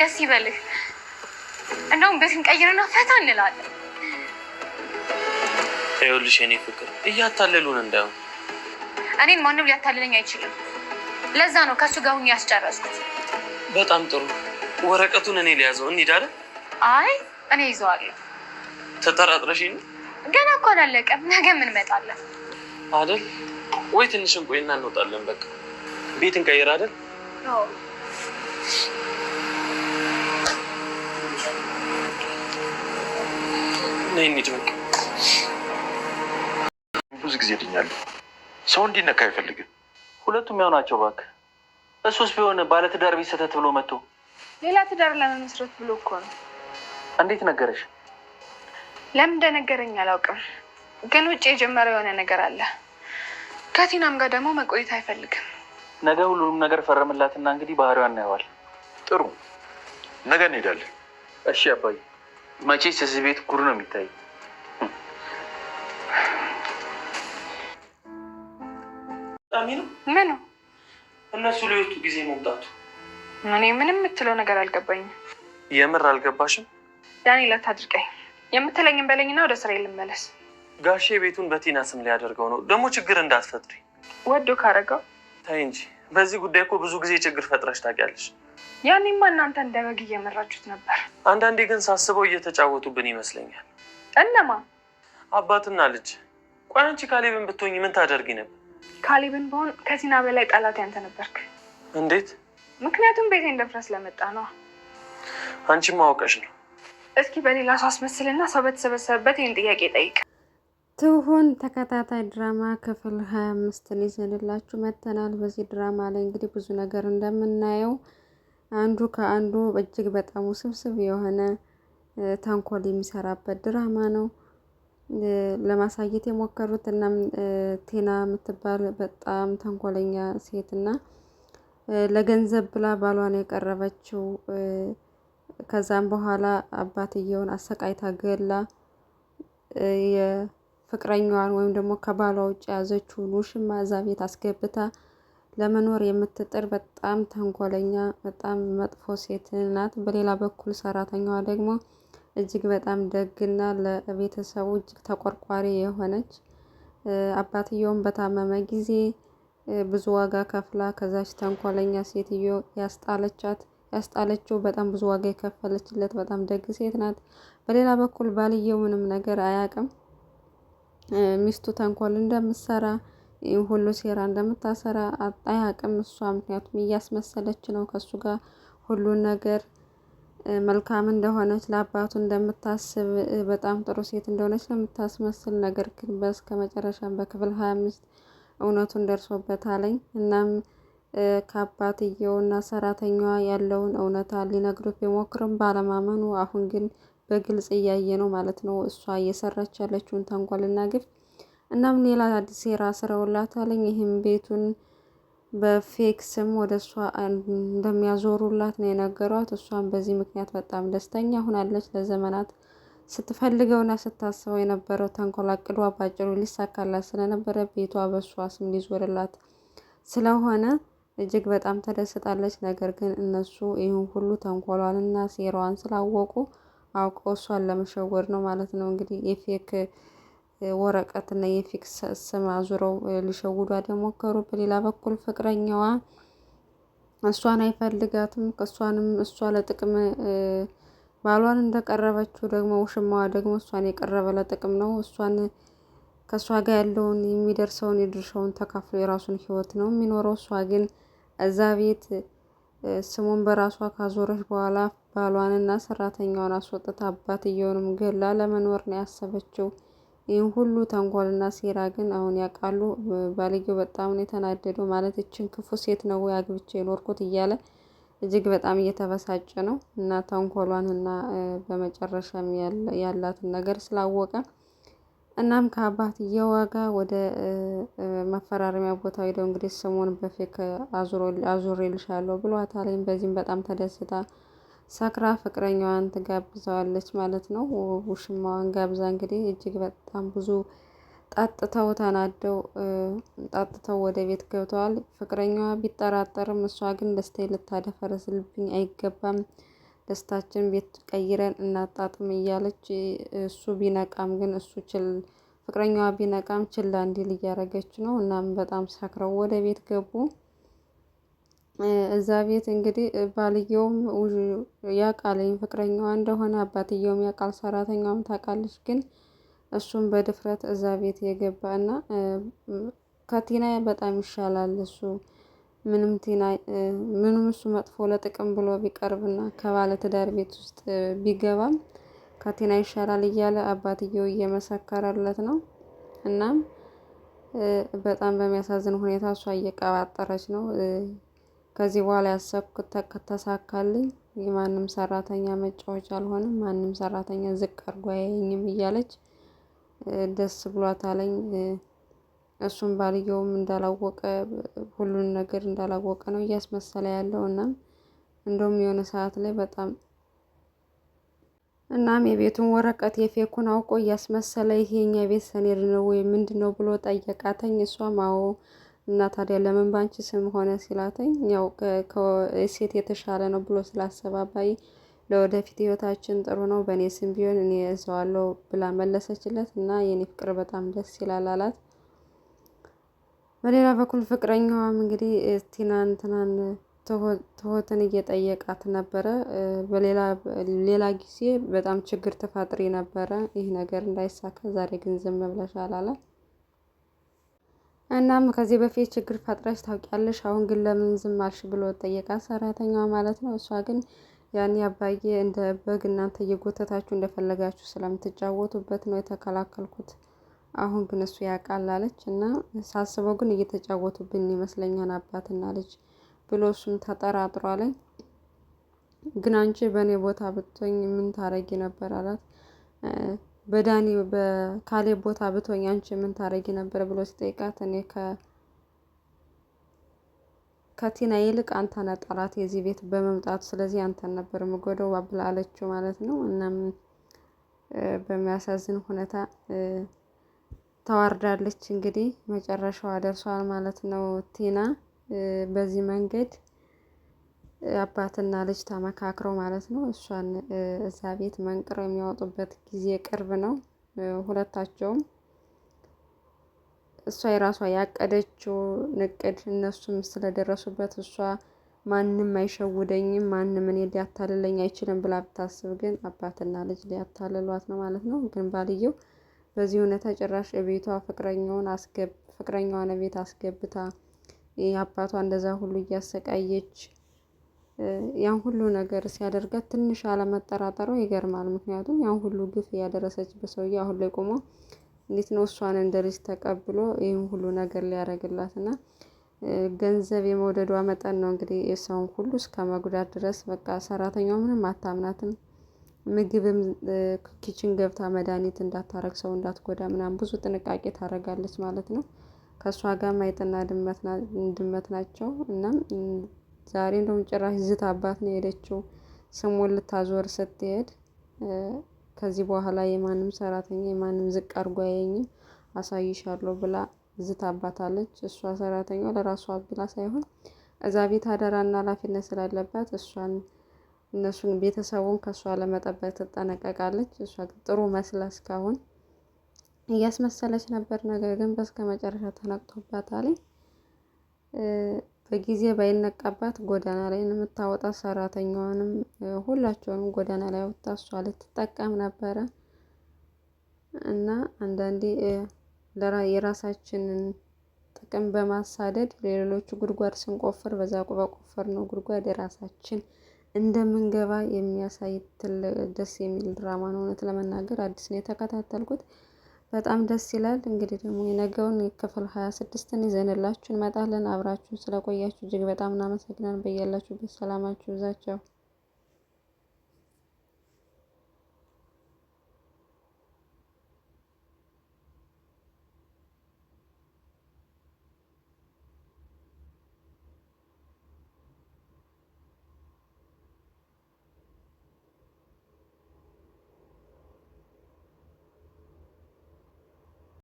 ደስ ይበልህ። እንደውም ቤትን ቀይርና ፈታ እንላለን። ይኸውልሽ የኔ ፍቅር እያታለሉን እንደው እኔን ማንም ሊያታልለኝ አይችልም። ለዛ ነው ከእሱ ጋር ሁኜ ያስጨረስኩት። በጣም ጥሩ። ወረቀቱን እኔ ሊያዘው እንሄዳለን። አይ እኔ ይዘዋለሁ። ተጠራጥረሽ ነው? ገና እኮ አላለቀም። ነገ እንመጣለን አይደል? ወይ ትንሽ እንቆይና እንወጣለን። በቃ ቤት እንቀይር አይደል? ና የሚድ በቃ ብዙ ጊዜ ድኛለሁ። ሰው እንዲነካ አይፈልግም። ሁለቱም ያው ናቸው። እባክህ እሱስ ቢሆን ባለትዳር ቢሰተት ብሎ መጥቶ ሌላ ትዳር ለመመስረት ብሎ እኮ ነው። እንዴት ነገረሽ? ለምን እንደነገረኝ አላውቅም፣ ግን ውጭ የጀመረው የሆነ ነገር አለ። ከቲናም ጋር ደግሞ መቆየት አይፈልግም። ነገ ሁሉንም ነገር ፈረምላትና እንግዲህ ባህሪዋን እናየዋል። ጥሩ ነገ እንሄዳለን። እሺ አባዬ መቼስ እዚህ ቤት ጉር ነው የሚታይ። ምኑ እነሱ ለየቱ ጊዜ መምጣቱ እኔ ምንም የምትለው ነገር አልገባኝም። የምር አልገባሽም? ዳንኤል አታድርቀኝ። የምትለኝም በለኝና ወደ ስራ ልመለስ። ጋሼ ቤቱን በቲና ስም ሊያደርገው ነው። ደግሞ ችግር እንዳትፈጥሪ። ወዶ ካረገው። ተይ እንጂ በዚህ ጉዳይ እኮ ብዙ ጊዜ ችግር ፈጥረሽ ታውቂያለሽ። ያኔማ እናንተ እንደ በግ እየመራችሁት ነበር። አንዳንዴ ግን ሳስበው እየተጫወቱብን ይመስለኛል። እነማ? አባትና ልጅ። ቆይ አንቺ ካሌብን ብትሆኝ ምን ታደርጊ ነበር? ካሌብን በሆን ከሲና በላይ ጠላት ያንተ ነበርክ። እንዴት? ምክንያቱም ቤቴ እንደፍረስ ለመጣ ነው አንቺ ማወቀሽ ነው። እስኪ በሌላ ሰው አስመስልና ሰው በተሰበሰበበት ይህን ጥያቄ ጠይቅ። ትሁን ተከታታይ ድራማ ክፍል ሀያ አምስትን ይዘንላችሁ መጥተናል። በዚህ ድራማ ላይ እንግዲህ ብዙ ነገር እንደምናየው አንዱ ከአንዱ እጅግ በጣም ውስብስብ የሆነ ተንኮል የሚሰራበት ድራማ ነው። ለማሳየት የሞከሩት እናም ቴና የምትባል በጣም ተንኮለኛ ሴት እና ለገንዘብ ብላ ባሏን የቀረበችው ከዛም በኋላ አባትየውን አሰቃይታ ገላ የፍቅረኛዋን ወይም ደግሞ ከባሏ ውጭ የያዘችውን ውሽማ እዛ ቤት አስገብታ ለመኖር የምትጥር በጣም ተንኮለኛ በጣም መጥፎ ሴት ናት። በሌላ በኩል ሰራተኛዋ ደግሞ እጅግ በጣም ደግና ለቤተሰቡ እጅግ ተቆርቋሪ የሆነች አባትየውም በታመመ ጊዜ ብዙ ዋጋ ከፍላ ከዛች ተንኮለኛ ሴትዮ ያስጣለቻት ያስጣለችው በጣም ብዙ ዋጋ የከፈለችለት በጣም ደግ ሴት ናት። በሌላ በኩል ባልየው ምንም ነገር አያውቅም። ሚስቱ ተንኮል እንደምትሰራ ሁሉ ሴራ እንደምታሰራ አያውቅም እሷ። ምክንያቱም እያስመሰለች ነው ከእሱ ጋር ሁሉን ነገር መልካም እንደሆነች ለአባቱ እንደምታስብ በጣም ጥሩ ሴት እንደሆነች ለምታስመስል ነገር ግን በስከ መጨረሻ በክፍል ሀያ አምስት እውነቱን ደርሶበት አለኝ። እናም ከአባትየው ከአባትየውና ሰራተኛዋ ያለውን እውነታ ሊነግሩት ቢሞክርም ባለማመኑ አሁን ግን በግልጽ እያየ ነው ማለት ነው እሷ እየሰራች ያለችውን ተንኮልና ግፍ እናም ሌላ አዲስ ሴራ ስረውላታል። ይህም ቤቱን በፌክ ስም ወደ እሷ እንደሚያዞሩላት ነው የነገሯት። እሷም በዚህ ምክንያት በጣም ደስተኛ ሆናለች። ለዘመናት ስትፈልገውና ስታስበው የነበረው ተንኮላቅዷ ባጭሩ ሊሳካላት ስለነበረ ቤቷ በእሷ ስም ሊዞርላት ስለሆነ እጅግ በጣም ተደስታለች። ነገር ግን እነሱ ይህን ሁሉ ተንኮሏንና ሴራዋን ስላወቁ አውቀው እሷን ለመሸወድ ነው ማለት ነው እንግዲህ የፌክ ወረቀት እና የፊክስ ስም አዙረው ሊሸውዷት የሞከሩ። በሌላ በኩል ፍቅረኛዋ እሷን አይፈልጋትም። እሷንም እሷ ለጥቅም ባሏን እንደቀረበችው ደግሞ ውሽማዋ ደግሞ እሷን የቀረበ ለጥቅም ነው። እሷን ከእሷ ጋር ያለውን የሚደርሰውን የድርሻውን ተካፍሎ የራሱን ህይወት ነው የሚኖረው። እሷ ግን እዛ ቤት ስሙን በራሷ ካዞረች በኋላ ባሏንና ሰራተኛዋን አስወጥታ አባትየውንም ገላ ለመኖር ነው ያሰበችው። ይህን ሁሉ ተንኮልና ሴራ ግን አሁን ያውቃሉ። ባልየው በጣም ነው የተናደደው። ማለት እችን ክፉ ሴት ነው አግብቼ የኖርኩት እያለ እጅግ በጣም እየተበሳጨ ነው እና ተንኮሏን እና በመጨረሻም ያላትን ነገር ስላወቀ እናም ከአባትየው ጋር ወደ መፈራረሚያ ቦታ ሄደው እንግዲህ ስሙን በፌክ አዙሬልሻለሁ ብሏታል። በዚህም በጣም ተደስታ ሰክራ ፍቅረኛዋን ትጋብዘዋለች ማለት ነው። ውሽማዋን ጋብዛ እንግዲህ እጅግ በጣም ብዙ ጣጥተው ተናደው ጣጥተው ወደ ቤት ገብተዋል። ፍቅረኛዋ ቢጠራጠርም እሷ ግን ደስታዬ ልታደፈረስልብኝ አይገባም፣ ደስታችን ቤት ቀይረን እናጣጥም እያለች እሱ ቢነቃም ግን እሱ ችል ፍቅረኛዋ ቢነቃም ችላ እንዲል እያደረገች ነው። እናም በጣም ሰክረው ወደ ቤት ገቡ። እዛ ቤት እንግዲህ ባልየውም ያቃለኝ ፍቅረኛዋ እንደሆነ አባትየውም ያቃል፣ ሰራተኛውም ታውቃለች። ግን እሱም በድፍረት እዛ ቤት የገባ እና ከቲና በጣም ይሻላል። እሱ ምንም ቲና ምንም እሱ መጥፎ ለጥቅም ብሎ ቢቀርብና ከባለ ትዳር ቤት ውስጥ ቢገባም ከቲና ይሻላል እያለ አባትየው እየመሰከረለት ነው። እናም በጣም በሚያሳዝን ሁኔታ እሷ እየቀባጠረች ነው። ከዚህ በኋላ ያሰብኩት ከተሳካልኝ የማንም ሰራተኛ መጫወቻ አልሆንም፣ ማንም ሰራተኛ ዝቅ አድርጎ አያየኝም እያለች ደስ ብሏታለኝ። እሱም ባልየውም እንዳላወቀ ሁሉን ነገር እንዳላወቀ ነው እያስመሰለ ያለው። እናም እንደውም የሆነ ሰዓት ላይ በጣም እናም የቤቱን ወረቀት የፌኩን አውቆ እያስመሰለ ይሄኛ ቤት ሰኔድ ነው ወይ ምንድን ነው ብሎ ጠየቃተኝ። እሷም አዎ እና ታዲያ ለምን ባንቺ ስም ሆነ ሲላተኝ ያው ሴት የተሻለ ነው ብሎ ስላሰባባይ ለወደፊት ህይወታችን ጥሩ ነው በእኔ ስም ቢሆን እኔ እዘዋለሁ ብላ መለሰችለት እና የኔ ፍቅር በጣም ደስ ይላል አላት። በሌላ በኩል ፍቅረኛዋም እንግዲህ ቲናን ትናን ትሁትን እየጠየቃት ነበረ። በሌላ ጊዜ በጣም ችግር ትፈጥሪ ነበረ፣ ይህ ነገር እንዳይሳካ ዛሬ ግን ዝም ብለሻል አላት። እናም ከዚህ በፊት ችግር ፈጥረሽ ታውቂያለሽ፣ አሁን ግን ለምን ዝም አልሽ ብሎ ጠየቃት ሰራተኛዋ ማለት ነው። እሷ ግን ያኔ አባዬ እንደ በግ እናንተ እየጎተታችሁ እንደፈለጋችሁ ስለምትጫወቱበት ነው የተከላከልኩት፣ አሁን ግን እሱ ያውቃል አለች እና ሳስበው ግን እየተጫወቱብን ይመስለኛል አባትና ልጅ ብሎ እሱም ተጠራጥሯለኝ። ግን አንቺ በእኔ ቦታ ብትሆኝ ምን ታረጊ ነበር አላት። በዳኒ በካሌ ቦታ ብትሆኝ አንቺ ምን ታረጊ ነበር ብሎ ሲጠይቃት እኔ ከቲና ይልቅ አንተነ ጠላት የዚህ ቤት በመምጣቱ ስለዚህ አንተን ነበር ምጎደው ብላ ማለት ነው። እናም በሚያሳዝን ሁኔታ ተዋርዳለች። እንግዲህ መጨረሻዋ ደርሷል ማለት ነው ቲና በዚህ መንገድ አባትና ልጅ ተመካክረው ማለት ነው እሷን እዛ ቤት መንቅረው የሚያወጡበት ጊዜ ቅርብ ነው። ሁለታቸውም እሷ የራሷ ያቀደችው ንቅድ እነሱም ስለደረሱበት እሷ ማንም አይሸውደኝም፣ ማንም እኔ ሊያታልለኝ አይችልም ብላ ብታስብ ግን አባትና ልጅ ሊያታልሏት ነው ማለት ነው። ግን ባልየው በዚህ እውነታ ጭራሽ ቤቷ ፍቅረኛውን አስገብ ፍቅረኛዋን ቤት አስገብታ አባቷ እንደዛ ሁሉ እያሰቃየች ያን ሁሉ ነገር ሲያደርጋት ትንሽ አለመጠራጠሩ ይገርማል። ምክንያቱም ያን ሁሉ ግፍ ያደረሰችበት ሰውዬ አሁን ላይ ቆሞ እንዴት ነው እሷን እንደ ልጅ ተቀብሎ ይህን ሁሉ ነገር ሊያደርግላት እና ገንዘብ የመውደዷ መጠን ነው እንግዲህ የሰውን ሁሉ እስከ መጉዳት ድረስ በቃ ሰራተኛው ምንም አታምናትም። ምግብም ኪችን ገብታ መድኃኒት እንዳታረግ ሰው እንዳትጎዳ ምናምን ብዙ ጥንቃቄ ታደርጋለች ማለት ነው። ከእሷ ጋር አይጥና ድመት ናቸው። እናም ዛሬ እንደውም ጭራሽ ዝት አባት ነው የሄደችው። ስሙን ልታዞር ስትሄድ ከዚህ በኋላ የማንም ሰራተኛ የማንም ዝቅ አርጎ አያየኝም አሳይሻለሁ ብላ ዝት አባት አለች። እሷ ሰራተኛ ለራሷ ብላ ሳይሆን እዛ ቤት አደራና ኃላፊነት ስላለባት እሷን እነሱን ቤተሰቡን ከእሷ ለመጠበቅ ትጠነቀቃለች። እሷ ጥሩ መስላ እስካሁን እያስመሰለች ነበር። ነገር ግን በስከ መጨረሻ ተነቅቶባታል። በጊዜ ባይነቃባት ጎዳና ላይ የምታወጣ ሰራተኛዋንም ሁላቸውንም ጎዳና ላይ አውጥታ እሷ ልትጠቀም ነበረ። እና አንዳንዴ የራሳችንን ጥቅም በማሳደድ ለሌሎቹ ጉድጓድ ስንቆፍር በዛ ነው ጉድጓድ የራሳችን እንደምንገባ የሚያሳይ ደስ የሚል ድራማ ነው። እውነት ለመናገር አዲስ ነው የተከታተልኩት። በጣም ደስ ይላል። እንግዲህ ደግሞ የነገውን ክፍል ሀያ ስድስትን ይዘንላችሁ እንመጣለን። አብራችሁ ስለቆያችሁ እጅግ በጣም እናመሰግናለን። በያላችሁበት ሰላማችሁ ይብዛችሁ።